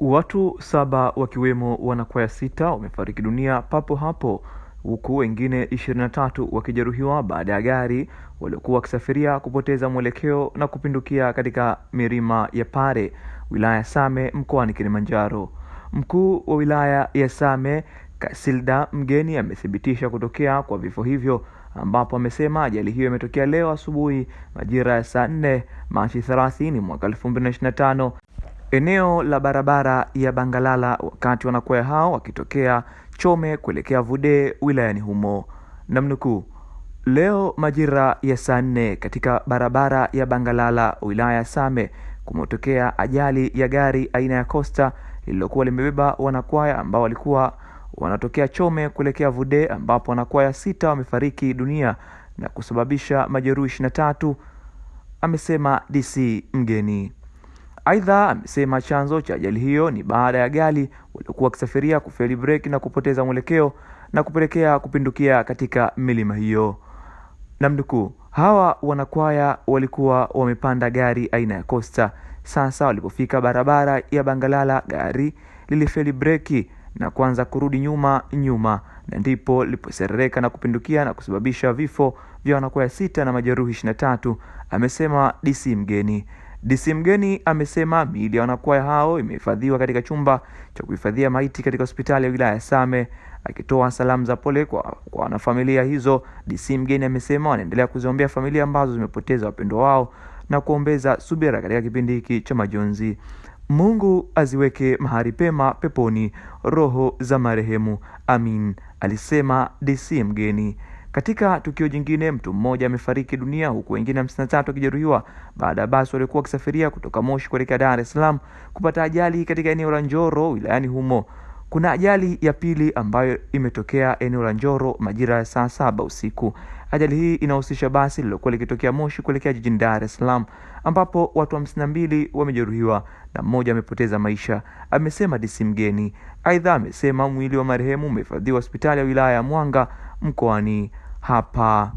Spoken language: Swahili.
Watu saba wakiwemo wanakwaya sita wamefariki dunia papo hapo huku wengine 23 wakijeruhiwa baada ya gari waliokuwa wakisafiria kupoteza mwelekeo na kupindukia katika milima ya Pare, wilaya ya Same mkoani Kilimanjaro. Mkuu wa wilaya ya Same Kasilda Mgeni amethibitisha kutokea kwa vifo hivyo ambapo amesema ajali hiyo imetokea leo asubuhi majira ya saa 4 Machi 30 mwaka 2025 Eneo la barabara ya Bangalala wakati wanakwaya hao wakitokea Chome kuelekea Vude wilayani humo, namnukuu: leo majira ya saa nne katika barabara ya Bangalala wilaya ya Same kumetokea ajali ya gari aina ya Costa lililokuwa limebeba wanakwaya ambao walikuwa wanatokea Chome kuelekea Vude, ambapo wanakwaya sita wamefariki dunia na kusababisha majeruhi tatu amesema DC Mgeni. Aidha, amesema chanzo cha ajali hiyo ni baada ya gari waliokuwa wakisafiria kufeli break na kupoteza mwelekeo na kupelekea kupindukia katika milima hiyo. Namnukuu, hawa wanakwaya walikuwa wamepanda gari aina ya Costa. Sasa walipofika barabara ya Bangalala, gari lilifeli breki na kuanza kurudi nyuma nyuma, na ndipo liliposerereka na kupindukia na kusababisha vifo vya wanakwaya sita na majeruhi 23, amesema DC Mgeni. DC Mgeni amesema miili ya wanakwaya hao imehifadhiwa katika chumba cha kuhifadhia maiti katika hospitali ya wilaya ya Same. Akitoa salamu za pole kwa wanafamilia hizo, DC Mgeni amesema wanaendelea kuziombea familia ambazo zimepoteza wapendwa wao na kuombeza subira katika kipindi hiki cha majonzi. Mungu aziweke mahali pema peponi roho za marehemu, amin, alisema DC Mgeni. Katika tukio jingine, mtu mmoja amefariki dunia huku wengine 53 wakijeruhiwa baada ya basi waliokuwa wakisafiria kutoka Moshi kuelekea Dar es Salaam kupata ajali katika eneo la Njoro wilayani humo. Kuna ajali ya pili ambayo imetokea eneo la Njoro majira ya saa saba usiku. Ajali hii inahusisha basi lililokuwa likitokea Moshi kuelekea jijini Dar es Salaam ambapo watu 52 wamejeruhiwa na mmoja amepoteza maisha, amesema DC Mgeni. Aidha, amesema mwili wa marehemu umehifadhiwa hospitali ya wilaya ya Mwanga mkoani hapa